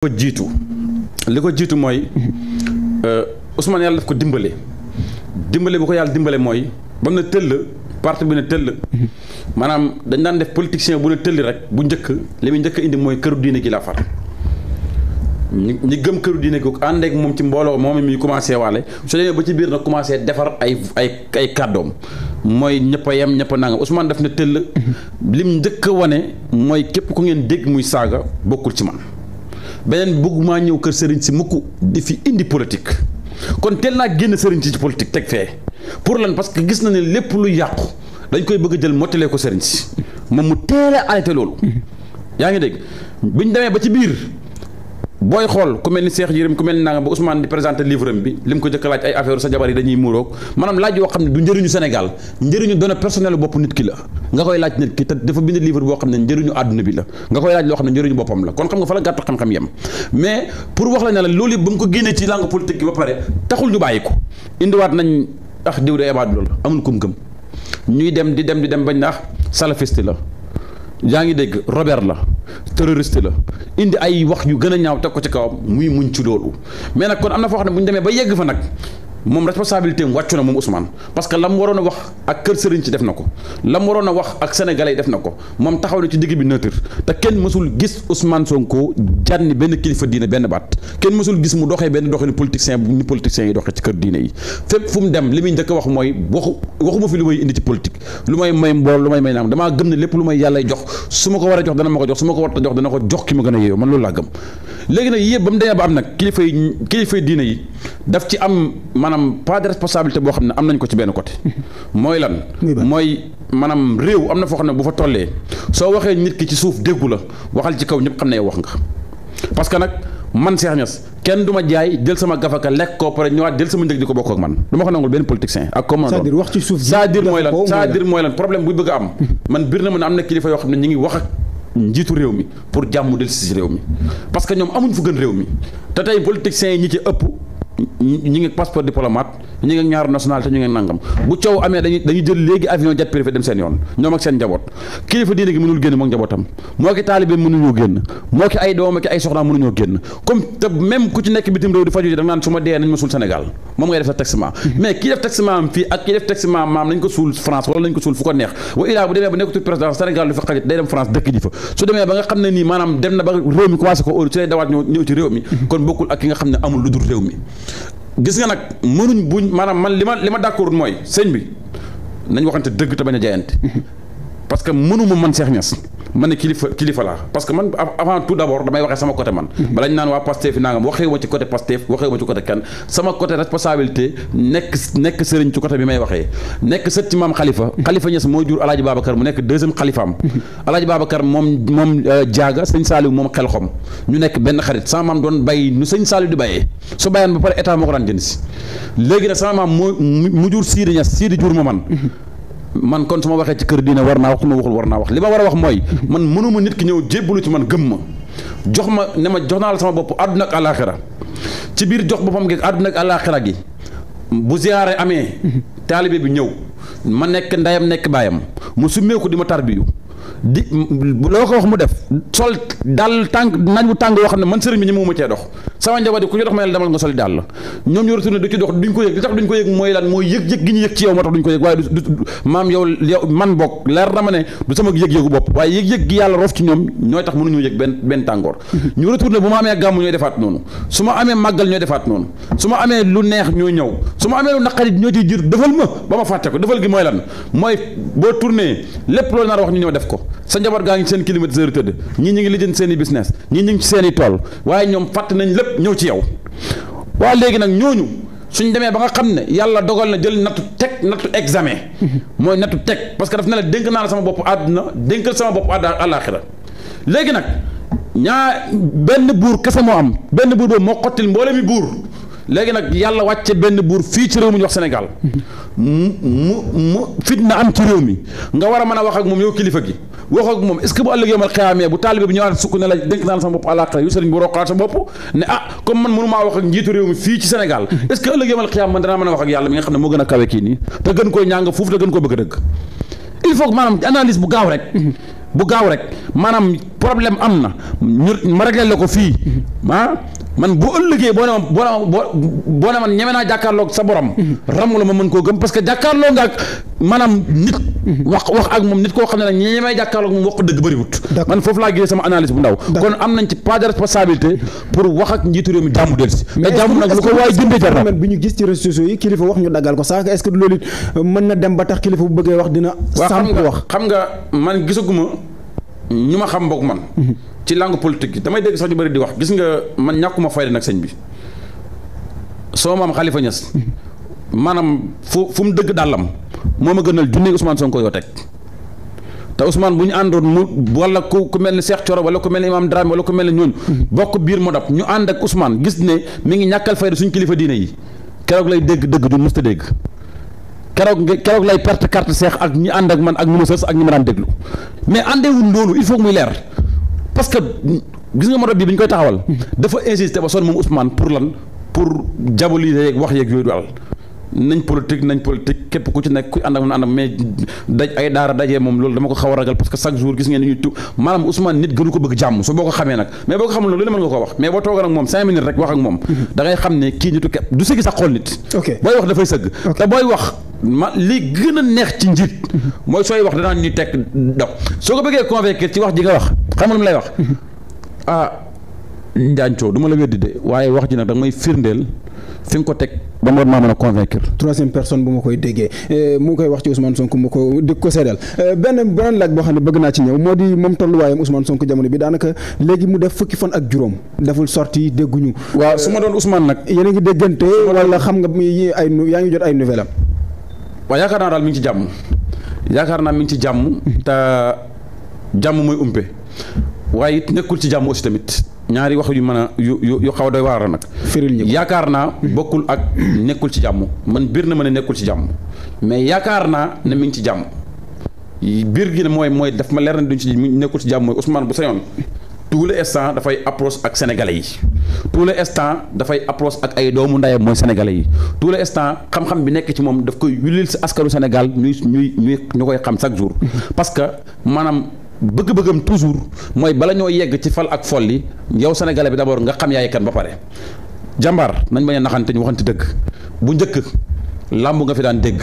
ko jiitu li ko jiitu mooy euh, Ousmane yàlla daf ko dimbale dimbale bu ko yàlla dimbale mooy ba mu ne tëll parti bi ne tëll maanaam dañ daan def politicien bu ne tëll rek bu njëkk li mu njëkk indi mooy këru diine gi la far ñi gëm këru diine ko ànd ak moom ci mbooloo moom mi commencé waale su demee ba ci biir na commencé defar ay ay ay kàddoom mooy ñëpp yem ñëpp a nangam Ousmane daf ne tëll lim njëkk a wane mooy képp ku ngeen dégg muy saaga bokkul ci man beneen maa ñëw kër sëriñ si mukk di fi indi politique kon teel naa génn sëriñ si ci politique teg fee pour lan parce que gis na ne lépp lu yàqu dañ koy bëgg a jël mottalee ko sëriñ si moom mu teel a arrêté loolu mm-hmm. yaa ngi dégg biñ demee ba ci biir booy xool ku mel ni Cheikh Yérim ku mel ni nangam ba Ousmane di présenté livre bi li mu ko jëkk laaj ay affaire sa jabar yi dañuy muuroog maanaam laaj yoo xam ne du njëriñu Sénégal njëriñu doona personnel bopp nit ki la nga koy laaj nit ki te dafa bind livre boo xam ne njëriñu àdduna bi la nga koy laaj loo xam ne njëriñu boppam la kon xam nga fa la gàtt xam-xam yem mais pour wax la ne la loolu yëpp ba mu ko génnee ci langue politique bi ba pare taxul ñu bàyyi ko indiwaat nañ ah, dem di dem di dem bañ na ah salafiste la yaa ngi dégg Robert la terroriste la indi ay wax yu gën a ñaaw te ko ci kawam muy muñ ci loolu mais nag kon am na foo xam ne bu ñu demee ba yegg fa nag moom responsabilité am wàccu na moom Ousmane parce que lam waroon a wax ak kër sëriñ ci def na ko lam waroon a wax ak sénégalais yi def na ko moom taxaw na ci digg bi neutre te kenn mësul gis Ousmane Sonko jànni benn kilifa diine benn baat kenn mësul gis mu doxee benn doxinu politicien ni politiciens yi doxee ci kër diine yi fépp fu mu dem li muy njëkk a wax mooy waxu waxuma fi lu may indi ci politique lu may may mbool lu may may naam damaa lépp lu may yàllay jox su ma ko war a a jox gën a yeyoo man loolu maanaam pas de responsabilité boo xam ne am nañ ko ci benn côté. mooy lan. mooy maanaam réew am na foo waxee nit ki ci suuf déggu la waxal ci kaw ñëpp xam ne wax nga parce que nag man Cheikh Niass kenn ma jaay jël sama gafaka lekk ko pare ñëwaat jël sama njëg di ko bokk ak man du ma ko nangul benn politicien ak comment c'est-à-dire mooy lan cest à bëgg a am man biir na ma ne am na kilifa yoo xam ne ñu ngi wax ak njiitu réew mi pour jàmm del si réew mi parce que ñoom amuñ fu gën réew mi te tey politiciens yi ñi ci ëpp ñi ngi passeport diplomate ñu ngi ñaar national te ñu ngi nangam bu coow amee dañuy jël léegi avion jet privé dem comme te même ku ci nekk bitim réew di faju ji da nga naan am fii ak kii président Sénégal lu fa xajit day dem France dëkk ji fa su demee ba nga xam ne nii maanaam dem na ba réew mi commencé ko óolu ci lay dawaat ñëw ci réew mi kon bokkul ak ki nga xam ne amul lu dul réew mi gis nga nag mënuñ buñ maanaam man li ma li ma d'accord mooy sëñ bi nañ waxante dëgg te bañ a jaayante parce que mënuma man Cheikh Niass man ne kilifa kilifa laa parce que man avant tout d' damay waxee sama côté man mhm. bala ñu naan waa Pastef yi nangam waxeewu ma ci côté Pastef waxeewu ma ci côté kenn sama côté responsabilité nekk nekk sëriñ ci côté bi may waxee nekk sët ci maam xalifa xalifa mhm. Niass mooy jur alaaji Babacar mu nekk deuxième xalifaam mhm. alaaji Babacar moom moom euh, jaaga sëñ Saliou moom xel xom ñu nekk benn xarit sama maam doon bay nu sëñ Saliou di bayee su bayaan ba pare état moo ko daan jënd si léegi nag maam moo mu jur Sidi Niass Sidi jur ma man man kon su ma waxee ci kër diine war naa wax su ma waxul war naa wax li ma war a wax mooy man ma nit ki ñëw jébbalu ci man gëm ma jox ma ne ma jox naa la sama bopp àdduna ak alaaxira ci biir jox boppam gi àdduna ak alaaxira gi bu ziyaare amee taalibe bi ñëw ma nekk ndeyam nekk baayam mu summeeku di ma tarbiyu di loo ko wax mu def sol dal tànk naaj bu tàng yoo xam ne man sëriñ bi ñi mooma cee dox sama njaboot yi ku ñu dox ma ne demal nga soli dàll ñoom ñu retourné du ko yëg mooy lan moo tax duñ ko yëg waaye du maam yow yow man na ma ne du sama yëg-yëgu bopp waaye yëg-yëg yàlla rof ci ñoom ñooy tax mënuñoo yëg benn benn tàngoor ñu retourné bu ma amee gàmm ñooy defaat noonu su ma amee màggal ñoo defaat noonu su ma amee lu neex ñooy ñëw su ma amee lu naqarit ñoo ciy jir defal ma ba ma fàtte ko defal gi mooy lan mooy boo tourné lépp loolu nar wax ñu ñëw def ko sa njaboot gaa ngi seen climatiseur tëdd ñii ñu ngi lijjanti seen i business ñii ñu ngi ci seeni tool waaye ñoom fàtt nañ lépp ñëw ci yow waa léegi nag ñooñu suñ demee ba nga xam ne yàlla dogal na jël nattu teg nattu examen mooy nattu teg parce que daf ne la dénk naa la sama bopp àdduna dénkal sama bopp àdd àllaaxira léegi nag ñaa benn buur kese moo am benn buur boobu moo xottil mboolem mi buur léegi nag yàlla wàcce benn buur fii ci réew mi ñu wax Sénégal mu mu fitna am ci réew mi nga war a mën a wax ak moom yow kilifa gi wax ak moom est ce que bu ëllëg yomal xiyaamee bu taalibe bi ñëwaat sukk ne la naan sama bopp àllaaxira yu sëriñ bu roqaat sa bopp ne ah comme man mënu wax ak njiitu réew mi fii ci Sénégal est ëllëg yomal xiyaam man danaa mën a wax ak yàlla mi nga xam ne moo gën a kawe kii nii te gën koy ñàng fuuf te gën bu gaaw rek maanaam problème am na ma réglé ko fii ah man bu ëllëgee boo ne ma boo ne ma boo ne ma ñeme naa jàkkaarloog sa borom. Mm-hmm. ramm la ma mën koo gëm parce que jàkkaarloo nga ak maanaam nit. Mm-hmm. wax wax ak moom nit koo xam ne nag ñi ñemee jàkkaarloog moom wax ko dëgg foofu laa gisee sama analyse bu ndaw. kon am nañ ci pas de responsabilité pour wax ak njiitu réew mi jàmbu dellu si. bi ñu gis ci réseaux sociaux yi kilifa wax ñu ko sax est-ce que loolu it na dem ba tax kilifa bu bëggee wax dina. sàmm wax xam nga man gisaguma ñu ma xam man mm-hmm. ci langue politique yi damay dégg sax ñu bëri di wax gis nga man ñàkkuma fayda nag sëñ bi soo maam xalifa Niass maanaam fu fu mu dëgg dàllam moo ma gënal junne Ousmane Sonko yoo teg te Ousmane bu ñu àndoon mu wala ku ku mel ni Cheikh Thioro wala ku mel ni Imam Dramé wala ku mel ni ñooñu bokk biir mu dab ñu ànd ak Ousmane gis ne mi ngi ñàkkal fayda suñ kilifa diine yi keroog lay dégg dëgg du musta dégg keroog nga keroog lay perte carte Cheikh ak ñu ànd ak man ak ñu ma sës ak ñu ma déglu mais àndewul loolu il faut muy leer parce que gis nga moto bii bi ñu koy taxawal. dafa insister ba sonn moom Ousmane pour lan pour diaboliser yeeg wax yeeg yooyu du nañ politique nañ politique képp ku ci nekk ku ànd ak ànd mais daj ay daara dajee moom loolu dama ko xaw a ragal parce que chaque jour gis ngeen ni ñuy tu maanaam Ousmane nit gënu ko bëgg jàmm su boo ko xamee nag mais boo ko xamul nag lu ne mën nga ko wax mais boo toogoon ak moom cinq minutes rek wax ak moom mhm. da ngay xam ne kii nitu képp du sëggi sax xool nit booy wax dafay sëgg te booy wax ma li gën neex ci njiit mhm. mooy sooy wax danaa ni tekk dox soo ko bëggee convaincre ci wax nga wax xam nga lu njaancoo du ma la weddi de waaye wax ji nag da may firndeel fi nga ko teg ba ma maa mën a convaincre. bu ma koy déggee eh, mu ngi koy wax ci Ousmane Sonko mu ko di ko seedal eh, benn beneen laaj boo xam ne bëgg naa ci ñëw moo di moom tolluwaayam Ousmane Sonko jamono bi daanaka léegi mu def fukki fan ak juróom deful sorti dégguñu. waaw eh, su ma doon Ousmane nag. yéen a ngi déggante wala xam nga muy ay yaa ngi jot ay nouvelle am. yaakaar naa daal mi ngi ci jàmm yaakaar naa mi ci jàmm jàmm mooy umpe. waaye it nekkul ci jàmm si tamit ñaari wax yu man a yu yu xaw a doy waar nag. yaakaar naa bokkul ak nekkul ci jàmm man biir na ma ne nekkul ci jàmm mais yaakaar naa ne mi ngi ci jàmm biir gi ne mooy mooy daf ma leer na duñ ci nekkul ci jàmm mooy Ousmane bu sañoon tout le instant dafay approche ak sénégalais yi tout le instant dafay approche ak ay doomu ndayam mooy sénégalais yi tout le instant xam-xam bi nekk ci moom daf koy wilil si askanu senegal ñuy ñuy ñuy ñu koy xam chaque jour bëgg-bëggam toujours mooy bala ñoo yegg ci fal ak folli yow sénégalais bi d'abord nga xam yaay kan ba pare jàmbaar nañ bañ a naxante ñu waxante dëgg bu njëkk làmb nga fi daan dégg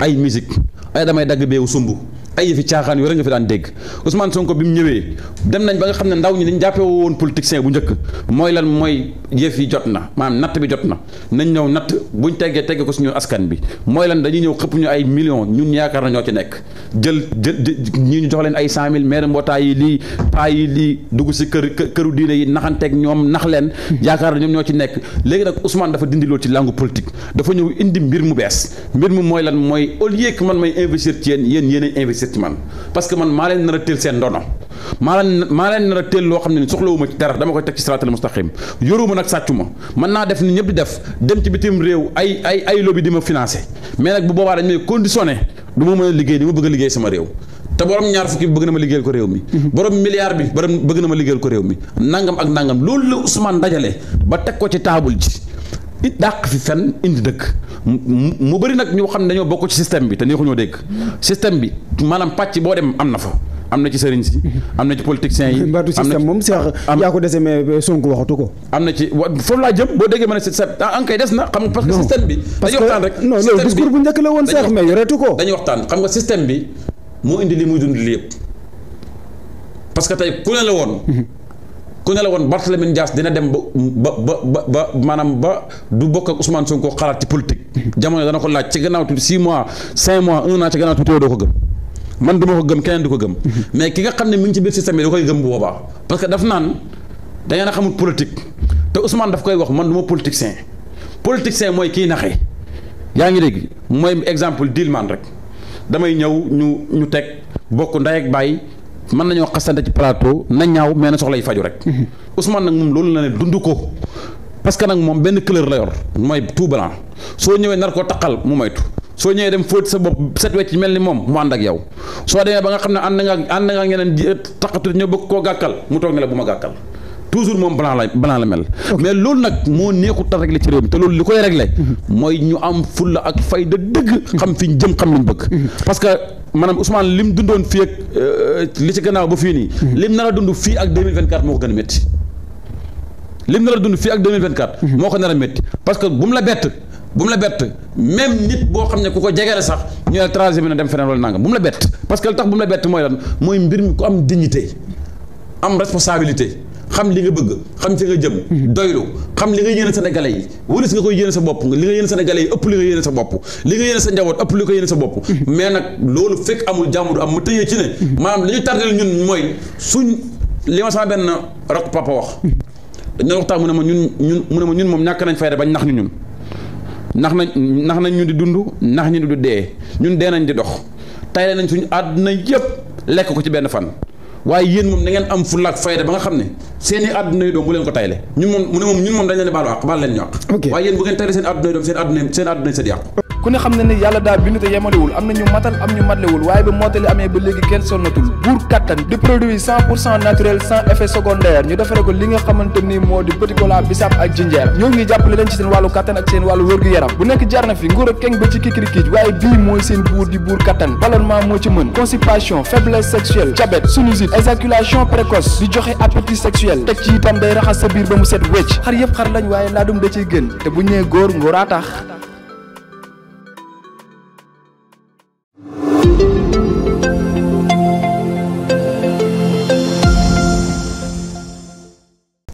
ay musique ay damay dagg béewu sumb ay yëfi caaxaan yooyu rek nga fi daan dégg Ousmane Sonko bi mu ñëwee dem nañ ba nga xam ne ndaw ñi dañ jàppee woon politicien bu njëkk mooy lan mooy yëf yi jot na maanaam natt bi jot na nañ ñëw natt bu ñu teggee teggee ko suñu askan bi mooy lan dañuy ñëw xëpp ñu ay millions ñun yaakaar na ñoo ci nekk jël jël ñii ñu jox leen ay cent mille maire mbootaay lii paa yi lii dugg si kër këru diine yi naxanteeg ñoom nax leen yaakaar na ñoom ñoo ci nekk léegi nag Ousmane dafa dindi loolu ci langue politique dafa ñëw indi mbir mu bees mbir mu mooy lan mooy au lieu que man may investir ci yéen yéen yéen seet ci man parce que man maa leen nar a teel seen ndono maa leen maa leen nar a teel loo xam ne ni soxlawuma ci dara dama koy teg ci siraatal mustaqim yoruma nag sàccu ma mën naa def ni ñëpp di def dem ci bitim réew ay ay ay lobby di ma financé mais nag bu boobaa dañ may conditionné du ma mën a liggéey ni ma bëgg a liggéey sama réew te borom ñaar fukki bëgg na ma liggéeyal ko réew mi mhm. borom milliard bi borom bëgg na ma liggéeyal ko réew mi nangam ak ji dàq fi fen indi dëkk mu bëri nag ñu xam ne dañoo bokk ci système bi te neexuñoo dégg système bi maanaam pàcc boo dem am na fa am na ci sëriñ si am na ci politiciens yi. mbaatu système moom seex yaa ko dese mais Sonko waxatu ko. am na ci wa foofu laa jëm boo déggee ma ne système ah, en na. xam nga parce que système bi. dañuy waxtaan rek non loolu discours bu njëkk la woon moo indi li muy dund li yëpp parce tey ku ne la woon. Mhm. ku ne la woon Barthélémy Dias dina dem ba ba ba ba maanaam ba du bokk ak Ousmane ko xalaat ci politique jamono dana ko laaj ci gannaaw tuuti 6 mois 5 mois 1 an ci gannaaw tuuti doo ko gëm man du ko gëm keneen du ko gëm. mais ki nga xam ne mi ngi ci biir système bi da koy gëm bu boobaa. parce que daf naan da ngeen a xamul politique te Ousmane daf koy wax man du ma politicien politicien mooy kii naxee yaa ngi dégg mooy exemple Dilman rek damay ñëw ñu ñu teg bokk ndey ak mën nañoo xasante ci plateau na ñaaw mais na soxlay faju rek. Mhm. Ousmane nag moom loolu la ne dund ko parce que nag moom benn couleur la yor mooy tout blanc soo ñëwee nar koo taqal mu moytu. soo ñëwee dem fóot sa bopp set ci mel ni moom mu ànd ak yow soo demee ba nga xam ne ànd nga ànd nga ñeneen ji eh, taqatu ñoo bëgg koo gàkkal mu toog ne la bu ma gàkkal toujours moom blanc la blanc la mel. mais loolu nag moo neexut a réglé ci réew mi te loolu li koy réglé. Mhm. mooy ñu am fulla ak fayda dëgg. xam fi ñu xam li ñu maanaam li mu dundoon fii ak euh, li ci gannaaw ba fii nii. Hmm. lim nar a dund fii ak 2024 moo ko gën a métti. lim nar a dund fii ak 2024. Hmm. moo ko nar a métti que bu mu la bett bu mu la bett même nit boo xam ne ku ko jege la sax ñu ne troisième na dem feneen wala nangam bu mu la bett parce que tax bu mu la bett mooy lan mooy mbir mi ku am dignité am responsabilité. xam li nga bëgg xam si nga jëm mhm. doylu xam li nga yéene sénégalais yi wëlis nga koy yéene sa bopp li nga yéene sénégalais yi ëpp li nga yéene sa bopp li nga yéene sa njaboot ëpp li ko yéene sa bopp mhm. mais nag loolu fekk amul jàmm am mu tëyee ci ne maanaam mhm. li ñu ñun mooy suñ li ma sama benn rakk papa wax dina waxtaan mu ma ñun ñun mu ne ma ñun moom ñàkk nañ fayda bañ nax ñu ñun nax na nax nañ ñu di dund nax ñu di dee ñun dee nañ di dox tay nañ suñu àdduna yëpp lekk ko ci benn fan waaye yéen moom na ngeen am fulla ak fayda ba nga xam ne seen àdduna yi doom bu leen ko tayle ñun moom mu ne moom ñun moom dañ leen baalu àq baal leen ñu àq waaye yéen bu ngeen tayle seen àdduna yi doom seen àdduna seen àdduna yi seen yàqu ku ne xam na ne yàlla daa bind te yemalewul am na ñu matal am ñu matlewul waaye ba mottali amee ba léegi kenn sonnatul buur kattan di produit cent pour cent naturel sans effet secondaire ñu defare ko li nga xamante ni moo di petit cola bisaab ak jinjeer ñoo ngi jàppale leen ci seen wàllu kattan ak seen wàllu wér-gu-yaram bu nekk jar na fi nguur ak keng ba ci kikirikiij waaye bii mooy seen buur di buur kattan ballonnement moo ci mën constipation